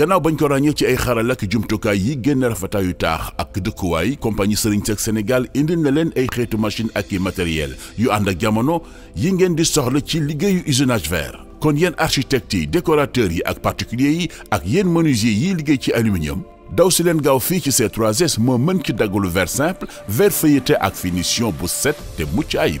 gannaaw bañ ko ràññee ci ay xarala ak jumtukaay yi génn yu taax ak dëkkuwaay compagnie Serigne Seck Sénégal indil na leen ay xeetu machine ak i matériel yu ànd ak jamono yi ngeen di soxla ci liggéeyu usinage vert. kon yenn architecte yi décorateur yi ak particulier yi ak yenn menuisier yiy liggéey ci aluminium daw si leen gaaw fii ci c 3 moo mën ci daggalu verre simple verre feuilleté ak finition bu set te mucc ayib.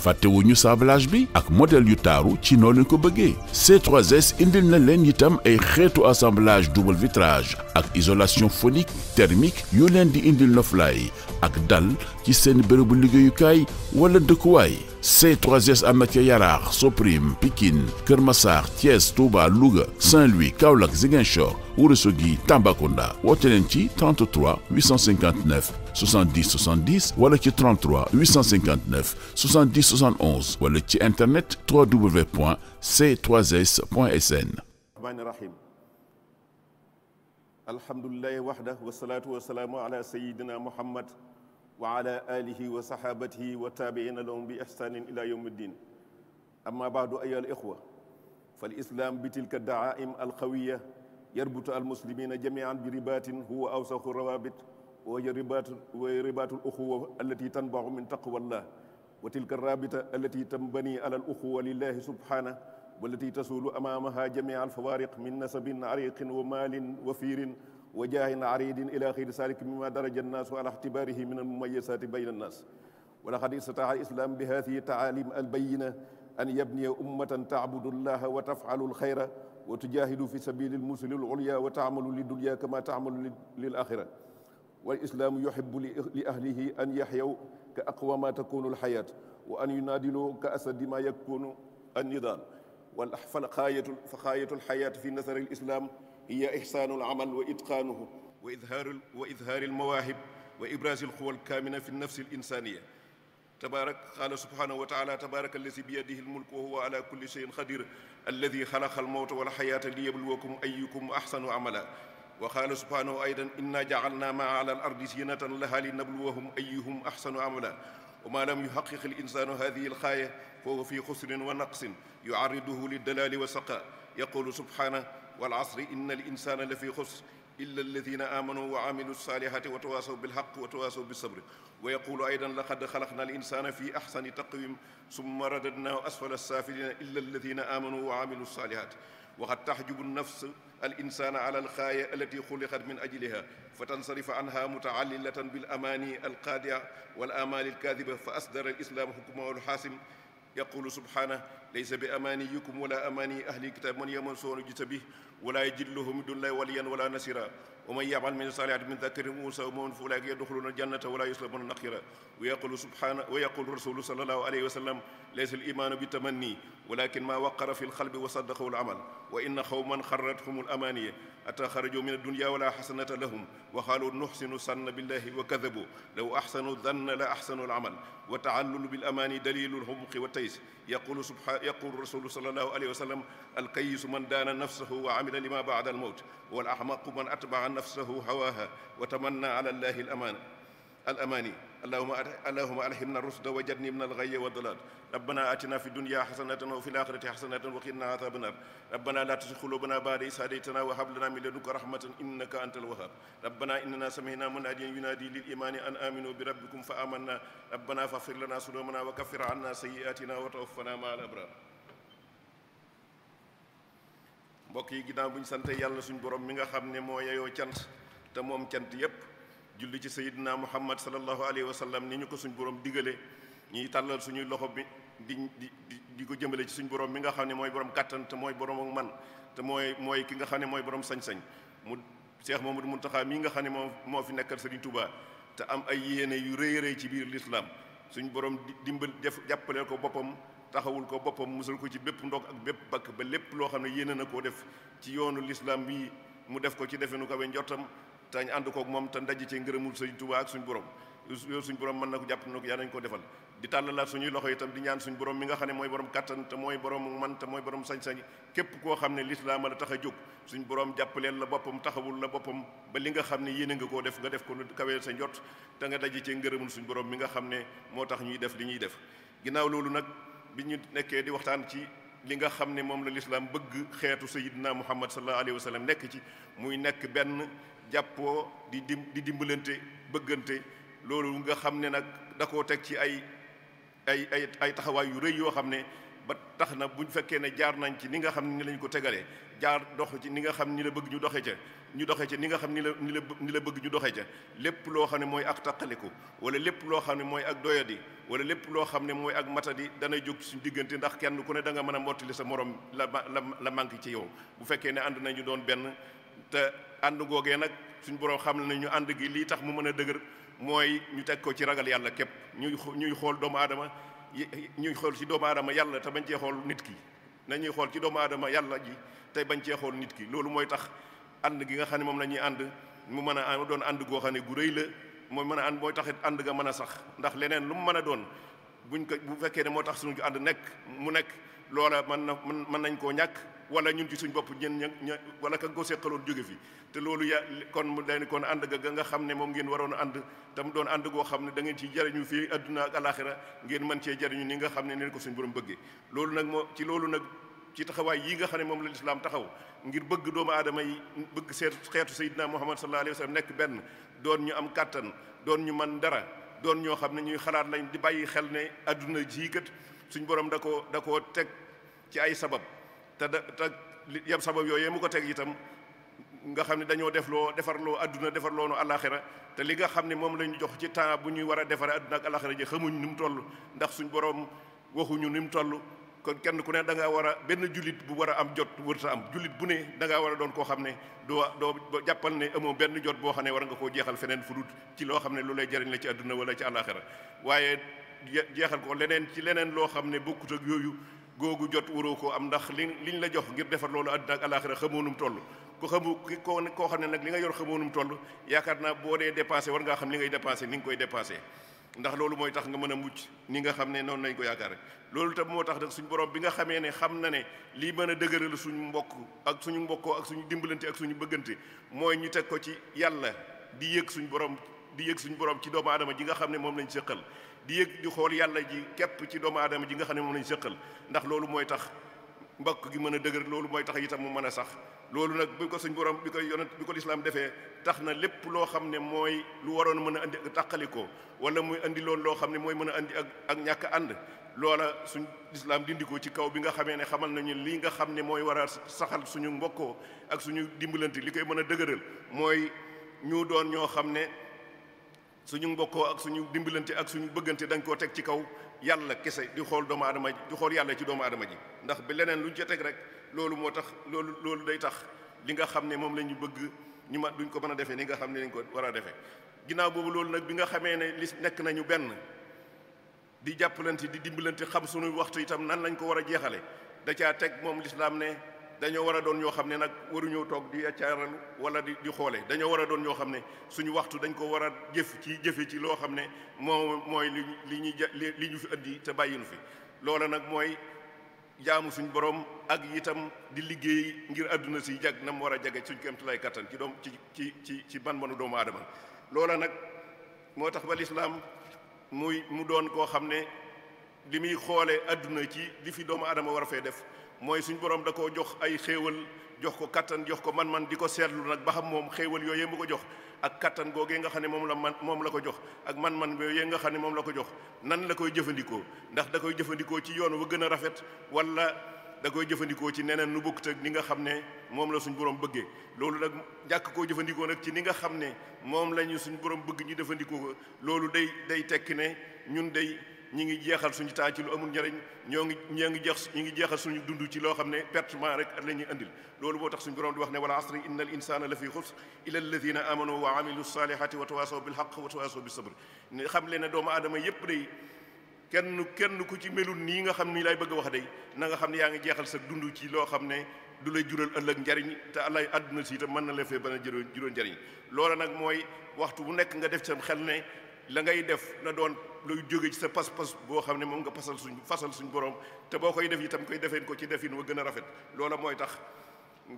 fàttewuñu sablage bi ak modèle yu taaru ci noolu leen ko bëggee c 3 indil na leen itam ay xeetu assemblage double vitrage ak isolation phonique thermique yu leen di indil noflaay ak dal ci seen bërëbu liggéeyukaay wala dëkkuwaay C3S am na ca Yaraax Soprim Pikine Kër Massar Thiès Touba Louga Saint-Louis Kaolack Ziguinchor Ourossogui Tambacounda woote leen ci 33 859 70 70 wala ci 33 859 70 71 wala ci internet www.c3s.sn rahmaani rahiim alhamdulillahi wahda wa salaatu wa salaamu ala sayyidina Muhammad wa ala alihi wa sahabatihi wa taabiina lahum bi ihsanin ila yawmi ddin amma baadu ayyuha al ixwa fal islam bi tilka daaim alqawiya yarbutu almuslimina jamian bi ribatin huwa awsaxu rawabit wa ribaatu wa ribaatu luxuwa allati tanbaxu min taqwallah wa tilka rabita allati tanbani ala aluxuwa lillahi subhana wallati tasulu amamaha jamia alfawariq min nasabin ariqin wa maalin wa fiirin wa jaahin aridin ila xeyri salik mima daraja annaasu ala ixtibaarihi min almumayasati bayna annaas ولقد استطاع الإسلام بهذه التعاليم البينة أن يبني أمة تعبد الله وتفعل الخير wa tujahidu fi sabili lmusuli l ulya wa taamalu li dunya kama taamalu lil axira wal islaamu yuhibbu li ahlihi an yaxyaw ka aqwa ma takunu alxayaat wa an yunaadilu ka asadi ma yakunu annidaal wal ah, falxaayatu faxaayatu alxayaat fi nasari alislaam hiya ixsaanu alamal wa itqaanuhu wa idhaaru wa idhaari almawaahib wa ibraasi alquwa alkaamina fi nnafsi alinsaniya تبارك قال سبحانه وتعالى تبارك الذي بيده الملك وهو على كل شيء قدير الذي خلق الموت والحياة ليبلوكم أيكم أحسن عملا وقال سبحانه أيضا إنا جعلنا ما على الأرض زينة لها لنبلوهم أيهم أحسن عملا وما لم يحقق الإنسان هذه الغاية فهو في خسر ونقص يعرضه للدلال والسقاء يقول سبحانه والعصر إن الإنسان لفي خسر illa alladina amanu wa amilu salihati wa tawasaw bilhaq wa tawasaw bisabri wa yaqulu aydan laqad xalaqna al insana fi ahsani taqwim summa radadnahu asfala safilina illa alladina amanu wa amilu salihati waxat taxjubu nafs al insana ala alxaaya allati xuliqat min ajliha fa tansarifa anha mutaallilatan bil amaani alqaadia wal amaali alkaadiba fa asdara alislaam xukmahu alxaasim yaqulu subhanahu laysa bi amaniyukum wala amani ahli kitab man yamansoonu jita bi wala yajidluhum dun lay waliyan wala nasira wa man yamal min salihat min dakarin unsa wa moon fa ulaika yadxuluna aljannata wala yuslamuna naqira wa yaqulu subhana wa yaqulu rasulu sallallahu alayhi wa sallam laysa alimanu bi tamanni walakin ma waqara fi alqalbi wa saddaqahu alamal wa inna xawman xarrathum alamaniya ata xaraju min addunya wala xasanata lahum wa qaalu nuxsinu sanna billahi wa kadabu law axsanu danna la axsanu alamal wa taallulu bil amaani daliilul hubuqi wa tays yaqulu subha yaqulu rasulu sallallahu alayhi wa sallam alkayisu man daana nafsahu wa amila lima baada almawt wal ahmaqu man atbaa nafsahu hawaaha wa tamanna ala allahi al amaana al amaani اللهم اللهم ألهمنا الرشد وجنبنا من الغي والضلال ربنا آتنا في الدنيا حسنة وفي الآخرة حسنة وقنا عذاب النار ربنا لا تزغ قلوبنا بعد إذ هديتنا وهب لنا من لدنك رحمة إنك أنت الوهاب ربنا إننا سمعنا مناديا ينادي للإيمان أن آمنوا بربكم فآمنا ربنا فاغفر لنا ذنوبنا وكفر عنا سيئاتنا وتوفنا مع الأبرار mbokk yi ginnaaw bu ñu sant yàlla suñu borom mi nga xam ne moo yeyoo cant te moom cant yépp julli ci sayidina muhammad sallallahu alayhi wa sallam ni ñu ko suñ borom digale ñuy tàllal suñuy loxo bi di di di ko jëmale ci suñ borom mi nga xam ne mooy borom kàttan te mooy borom man te mooy mooy ki nga xam ne mooy borom sañ-sañ mu Cheikh Mamadou Mountakha mii nga xam ne moo moo fi nekkal Serigne tubaa te am ay yéene yu rëy rëy ci biir lislaam suñ borom dimbal def jàppaleel ko boppam taxawul ko boppam musal ko ci bépp ndog ak bépp bakk ba lépp loo xam ne yéene na koo def ci yoonu lislaam bii mu def ko ci defe nu ko njortam tañ ànd kook moom te ndaje ci ngërëmul sëñ Tuubaa ak suñ borom yow suñ borom mën na ko jàpp na ko nañ ko defal di tàllalaat suñuy loxo itam ñaan suñ borom mi nga xam ne mooy borom kattan te mooy man te mooy borom sañ-sañ képp koo xam ne lislaam la tax a jóg suñ borom jàppaleel la boppam taxawul la boppam ba li nga xam ne yéene nga koo def nga def ko lu kawee sa njot te nga daje ci ngërëmul suñu borom mi nga xam ne moo tax ñuy def li ñuy def ginnaaw loolu nag bi ñu nekkee di waxtaan ci li nga xam ne moom la lislaam bëgg xeetu sayidina muhammad sallallahu alayhi wa sallam nekk ci muy nekk benn jàppoo di dim di dimbalante bëggante loolu nga xam ne nag da koo teg ci ay ay ay ay taxawaay yu rëy yoo xam ne ba tax na bu buñ fekkee ne jaar nañ ci ni nga xam ne ni lañ ko tegalee jaar dox ci ni nga xam ni la bëgg ñu doxee ca ñu doxee ca ni nga xam ni la ni la ni la bëgg ñu doxe ca lépp loo xam ne mooy ak ko wala lépp loo xam ne mooy ak doyadi wala lépp loo xam ne mooy ak matadi dana jóg suñu diggante ndax kenn ku ne da nga mën a mottali sa morom la la la manque ci yow bu fekkee ne ànd nañu doon benn te ànd googee nag suñ borom xam ne ñu ànd gi lii tax mu mën a dëgër mooy ñu teg ko ci ragal yàlla képp ñuy ñuy xool doomu aadama ñuy xool ci doomu aadama yàlla te bañ cee nit ki nañuy xool ci doomu aadama yàlla ji te bañ cee xool nit ki loolu mooy tax ànd gi nga xam ne moom la ñuy ànd mu mën a doon ànd goo xam ne gu rëy la mooy mën a ànd mooy taxit ànd nga mën a sax ndax leneen lu mu mën a doon buñ ko bu fekkee ne moo tax suñu ànd nekk mu nekk loola mën na mën nañ koo ñàkk wala ñun ci suñ bopp ñen ña wala ka ko seqaloon jóge fi te loolu ya kon mu day kon ànd ga ga nga xam ne moom ngeen waroon ànd tam doon ànd goo xam ne da ngeen ci jariñu fii adduna ak alaxira ngeen mën cee jariñu ni nga xam ne neen ko suñ borom bëggee loolu nag moo ci loolu nag ci taxawaay yi nga xam ne moom la lislaam taxaw ngir bëgg doomu aadama yi bëgg seet xeetu sayyidina muhammad sallallahu alayhi wa sallam nekk benn doon ñu am kàttan doon ñu man dara doon ñoo xam ne ñuy xalaat lañ di bàyyi xel ne adduna jii kat suñ borom da koo da koo teg ci ay sabab te da te yam sabab yooyee mu ko teg itam nga xam ne dañoo def loo defarloo adduna defarloo nu alaxira te li nga xam ne moom la ñu jox ci temps bu ñuy war a defare adduna ak alaxira ji xamuñ ni mu toll ndax suñ borom waxuñu ni mu toll kon kenn ku ne da ngaa war a benn jullit bu war am jot wërta am jullit bu ne da war a doon koo xam ne doo doo jàppal ne amoo benn jot boo xam ne war nga koo jeexal feneen fu ci loo xam ne lu lay jëriñ la ci adduna wala ci alaxira waaye ko leneen ci leneen loo xam ne bokkut ak yooyu googu jot waroo ko am ndax li li ñu la jox ngir defar loolu àddina ak alaaxira xamoonum toll ku xamu ki ko koo xam ne nag li nga yor xamoonum toll yaakaar naa boo dee dépassé war ngaa xam li ngay dépassé ni nga koy dépassé ndax loolu mooy tax nga mën a mucc ni nga xam ne noonu nañ ko yaakaar loolu tam moo tax nag suñu borom bi nga xamee ne xam na ne lii mën a dëgëral suñu mbokk ak suñu mbokkoo ak suñu dimbalante ak suñu bëggante mooy ñu teg ko ci yàlla di yëg suñu borom di yëg suñu borom ci doomu aadama ji nga xam ne moom lañ sëqal di yëg di xool yàlla ji képp ci doomu aadama ji nga xam ne moom lañ sëqal ndax loolu mooy tax mbokk gi mën a dëgër loolu mooy tax itam mu mën a sax loolu nag bi ko suñ borom bi ko yonent bi ko lislaam defee tax na lépp loo xam ne mooy lu waroon mën a andi ak tàqalikoo wala muy andi loo xam ne mooy mën a andi ak ak ñàkk ànd loola suñ lislaam dindikoo ci kaw bi nga xamee ne xamal nañu li nga xam ne mooy war a saxal suñu mbokkoo ak suñu dimbalante li koy mën a dëgëral mooy ñu doon ñoo xam ne suñu mbokkoo ak suñu dimbalante ak suñu bëggante dañ koo teg ci kaw yàlla kese di xool doomu aadama ji di xool yàlla ci doomu aadama ji ndax bi leneen luñ ca teg rek loolu moo tax loolu loolu day tax li nga xam ne moom la ñu bëgg ñu ma duñ ko mën a defee ni nga xam ne lañ ko war a defee ginnaaw boobu loolu nag bi nga xamee ne li nekk nañu benn di jàppalante di dimbalante xam suñu waxtu itam nan lañ ko war a jeexale da caa teg moom lislaam ne dañoo war a doon ñoo xam ne nag waruñoo toog di acaaral wala di di xoole dañoo war a doon ñoo xam ne suñu waxtu dañ koo war a jëf ci jëfe ci loo xam ne moo mooy li li ñuy li ñu fi indi te bàyyi nu fi loola nag mooy jaamu suñu borom ak itam di liggéey ngir àdduna si jag na mu war a jage suñ kéemtalaay kattan ci doom ci ci ci ci ban manu doomu aadama loola nag moo tax ba lislaam muy mu doon koo xam ne li muy xoole àdduna ci li fi doomu aadama war a fee def mooy suñ borom da koo jox ay xéewal jox ko kattan jox ko man-man di ko seetlu nag ba xam moom xéewal yooyee mu ko jox ak kattan googee nga xam ne moom la man moom la ko jox ak man-man yooyee nga xam ne moom la ko jox nan la koy jëfandikoo ndax da koy jëfandikoo ci yoon wa gën a rafet wala da koy jëfandikoo ci neneen nu bokkut ak nga xam ne moom la suñ borom loolu nag jàkk koo jëfandikoo nag ci ni nga xam ne moom la ñu suñ borom bëgg ñu jëfandikoo ko loolu day day tekki ne ñun day ñi ngi jeexal suñu taa ci lu amul njariñ ñoo ngi ñoo ngi jeex ñi ngi jeexal suñu dund ci loo xam ne pertement rek la ñuy andil loolu boo tax suñu borom di wax ne wala asri inna al insana la fi xusr ila alladina amanu wa amilu salihati wa tawasaw bil haqq wa tawasaw bis sabr xam leen ne doomu aadama yépp day kenn kenn ku ci melul nii nga xam ni lay bëgg a wax day na xam ne yaa ngi jeexal sa dund ci loo xam ne du lay jural ëllëg njariñ te alay àdduna si itam mën na la fee bana jural jural njariñ loola nag mooy waxtu bu nekk nga def sam xel ne la ngay def na doon luy jóge ci sa pas-pas boo xam ne moom nga pasal suñ fasal suñ borom te boo koy def itam koy defeen ko ci defin wa gën a loola mooy tax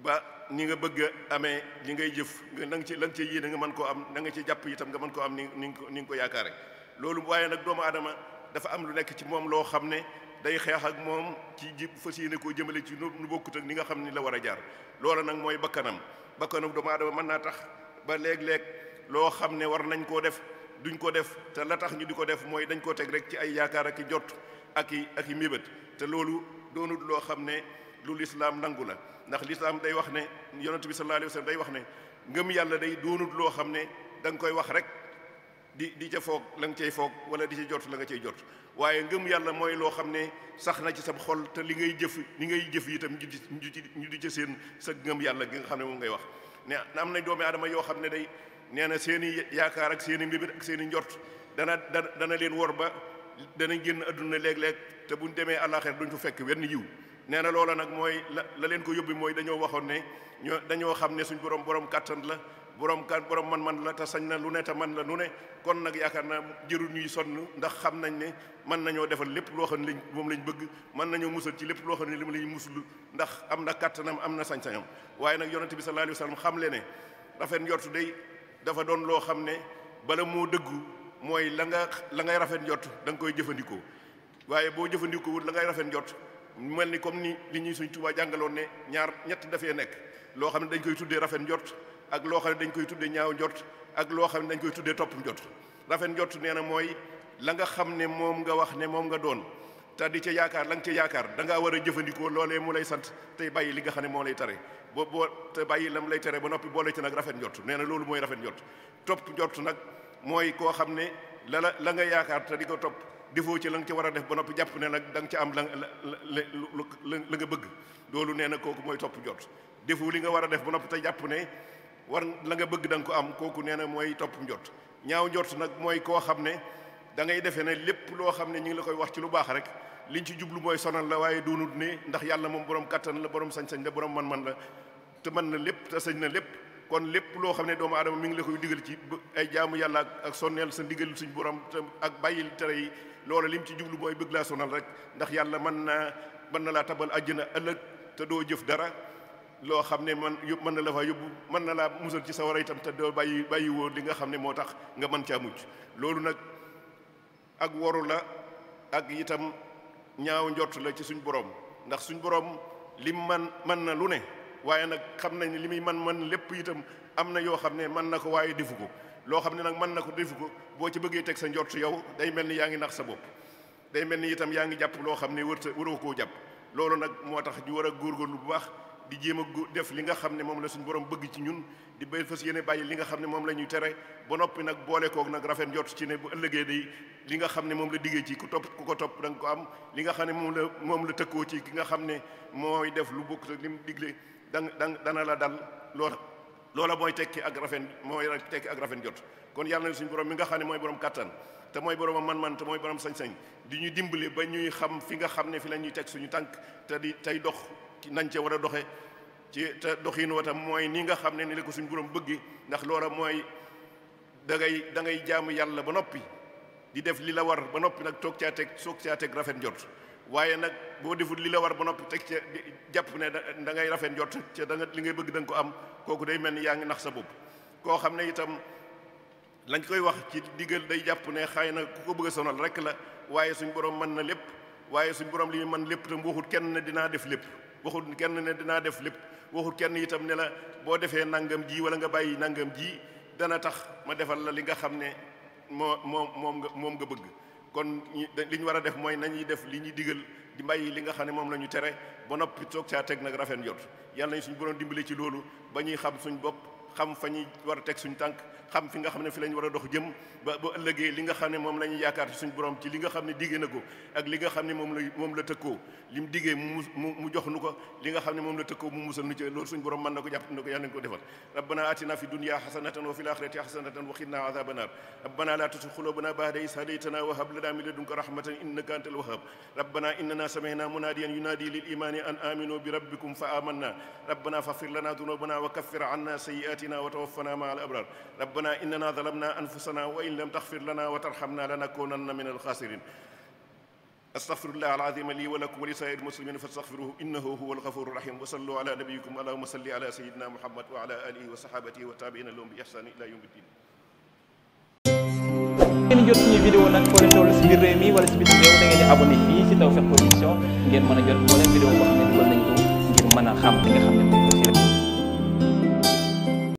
ba ni nga bëgg amee li ngay jëf nga na nga ci la nga nga mën koo am na nga ci jàpp itam nga mën koo am ni ni ko ni nga ko yaakaare loolu waaye nag doomu aadama dafa am lu nekk ci moom loo xam ne day xeex ak moom ci ji fas yéene koo jëmale ci nu bokkut ak ni nga xam ni la war a jaar loola nag mooy bakkanam bakkanam doomu aadama mën naa tax ba léeg-léeg loo xam ne war nañ koo def duñ ko def te la tax ñu di ko def mooy dañ ko teg rek ci ay yaakaar ak i jot ak i ak i mébét te loolu doonut loo xam ne lu lislaam nangu la ndax lislaam day wax ne yonent bi sallallahu alayhi wax ne ngëm yàlla day doonut loo xam ne da nga koy wax rek di di ca la nga cay foog wala di ca jot la nga cay jot waaye ngëm yàlla mooy loo xam ne sax na ci sa xol te li ngay jëf li ngay jëf itam ñu di ñu di ca seen sa ngëm yàlla gi nga xam ne moom ngay wax ne am nañ doomi aadama yoo xam ne day nee na seen i yaakaar ak seen i mbibir ak seen njort dana dana dana leen wor ba danañ génn àdduna léeg-léeg te buñ demee àllaaxira duñ fa fekk wenn yiw nee na loola nag mooy la la leen ko yóbbi mooy dañoo waxoon ne dañoo xam ne suñ borom borom kàttan la borom kan borom man-man la te sañ na lu ne te man la lu ne kon nag yaakaar naa jëru ñuy sonn ndax xam nañ ne mën nañoo defal lépp loo xam ne lañ moom lañ bëgg mën nañoo musal ci lépp loo xam ne li mu lañ muslu ndax am na kàttanam am na sañ-sañam waaye nag yonente bi sallallahu alayhi wa sallam xam le ne rafet njortu dafa doon loo xam ne bala moo dëggu mooy la nga la ngay rafet njot da nga koy jëfandikoo waaye boo jëfandikoowul la rafet njot mel ni comme ni li ñuy suñ Tuubaa jàngaloon ne ñaar ñett dafee nekk loo xam ne dañ koy tuddee rafet njot ak loo xam ne dañ koy tuddee ñaaw njot ak loo xam ne dañ koy tuddee topp njot rafet njot nee na mooy la nga xam ne moom nga wax ne moom nga doon te di ca yaakaar la nga ca yaakaar da ngaa war a jëfandikoo loolee mu lay sant tey bàyyi li nga xam ne moo lay tare boo boo te bàyyi lam lay tere ba noppi boole ci nag rafet njort nee na loolu mooy rafet njort topp njort nag mooy koo xam ne la la la nga yaakaar te di ko topp defoo ci la nga ci war a def ba noppi jàpp ne nag da ci am la la nga bëgg loolu nee na kooku mooy topp njort defoo li nga war a def ba noppi te jàpp ne war la nga bëgg da ko am kooku nee na mooy topp njort ñaaw njort nag mooy koo xam ne da ngay defee ne lépp loo xam ne ñu ngi la koy wax ci lu baax rek liñ ci jublu mooy sonal la waaye doonut ne ndax yàlla moom borom kattan la borom sañ-sañ la borom man-man la te mën na lépp te sëñ na lépp kon lépp loo xam ne doomu aadama mu ngi la koy digal ci ay jaamu yàlla ak sonneel sa ndigal suñ borom te ak bàyyil tere loolu lim ci jublu mooy bëgg laa rek ndax yàlla mën na mën na laa tabal àjjana ëllëg te doo jëf dara loo xam ne man mën na la faa yóbbu mën na laa musal ci sawara itam te doo bàyyi bàyyi woo li nga xam ne moo tax nga mën caa mucc loolu nag ak waru la ak itam ñaaw njortu la ci suñ borom ndax suñ borom lim man mën na lu ne waaye nag xam nañ li muy man man lépp itam am na yoo xam ne mën na ko waaye defu ko loo xam ne nag mën na ko defu ko boo ci bëggee teg sa njort yow day mel ni yaa ngi nax sa bopp day mel ni itam yaa ngi jàpp loo xam ne wërta waroo koo jàpp loolu nag moo tax ñu war a góorgóorlu lu baax di jéem a def li nga xam ne moom la suñu borom bëgg ci ñun di béy fas yéene bàyyi li nga xam ne moom la ñuy tere ba noppi nag boole koog nag rafet njort ci ne bu ëllëgee day li nga xam ne moom la diggee ci ku topp ku ko topp da ko am li nga xam ne moom la moom la tëkkoo ci ki nga xam ne mooy def lu bokk ak li mu digle dana dana la dal loola loola mooy tekki ak rafet mooy tekki ak rafet jot kon yàlla na suñu borom mi nga xam ne mooy borom kattan te mooy borom man-man te mooy borom sañ-sañ di ñu dimbali ba ñuy xam fi nga xam ne fi la ñuy teg suñu tànk te di tey dox nañ cee war a doxe ci te doxin wa tam mooy ni nga xam ne ni la ko suñu borom bëgg ndax loola mooy dangay dangay jaam ngay jaamu yàlla ba noppi di def li la war ba noppi nag toog caa teg soog caa teg rafet jot. waaye nag boo deful li la war ba noppi teg ca jàpp ne da ngay rafet njort ca da li ngay bëgg danga ko am kooku day mel ni yaa ngi nax sa bopp koo xam ne itam lañ koy wax ci digal day jàpp ne xëy na ku ko bëgg a rek la waaye suñ borom mën na lépp waaye suñ borom li man lépp tam waxut kenn ne dinaa def lépp waxut kenn ne dinaa def lépp waxut kenn itam ne la boo defee nangam ji wala nga bàyyi nangam ji dana tax ma defal la li nga xam ne moo moom nga moom nga bëgg kon li ñu war a def mooy nañuy def li ñuy digal di mbay li nga xam ne moom la ñu tere ba noppi toog caa teg nag rafet jot yàlla nañ suñu borom dimbale ci loolu ba ñuy xam suñu bopp xam fa ñuy war a teg suñu tànk xam fi nga xam ne fi lañ war a dox jëm ba ba ëllëgee li nga xam ne moom la ñuy yaakaar ci borom ci li nga xam ne diggee na ko ak li nga xam ne moom la moom la tëkkoo li mu diggee mu mu jox nu ko li nga xam ne moom la tëkkoo mu musal nu ci loolu suñu borom mën na ko jàpp na ko yàlla rabbana atina fi dunya hasanatan wa fil akhirati hasanatan wa qina adhaban rabbana la tuzigh qulubana ba'da idh hadaytana lana min ladunka rahmatan innaka آتنا وتوفنا مع الأبرار ربنا إننا ظلمنا أنفسنا وإن لم تغفر لنا وترحمنا لنكونن من الخاسرين أستغفر الله العظيم لي ولكم ولسائر المسلمين فاستغفروه إنه هو الغفور الرحيم وصلوا على نبيكم اللهم صل على سيدنا محمد وعلى آله وصحابته والتابعين لهم بإحسان إلى يوم الدين ngeen jot suñu vidéo nag foo leen toll si biir réew mi wala si bitim réew da ngeen di abonné fii si Tawfekh Production ngeen mën a jot moo leen vidéo boo xam ne dugal nañ ko ngir mën a xam li nga xam ne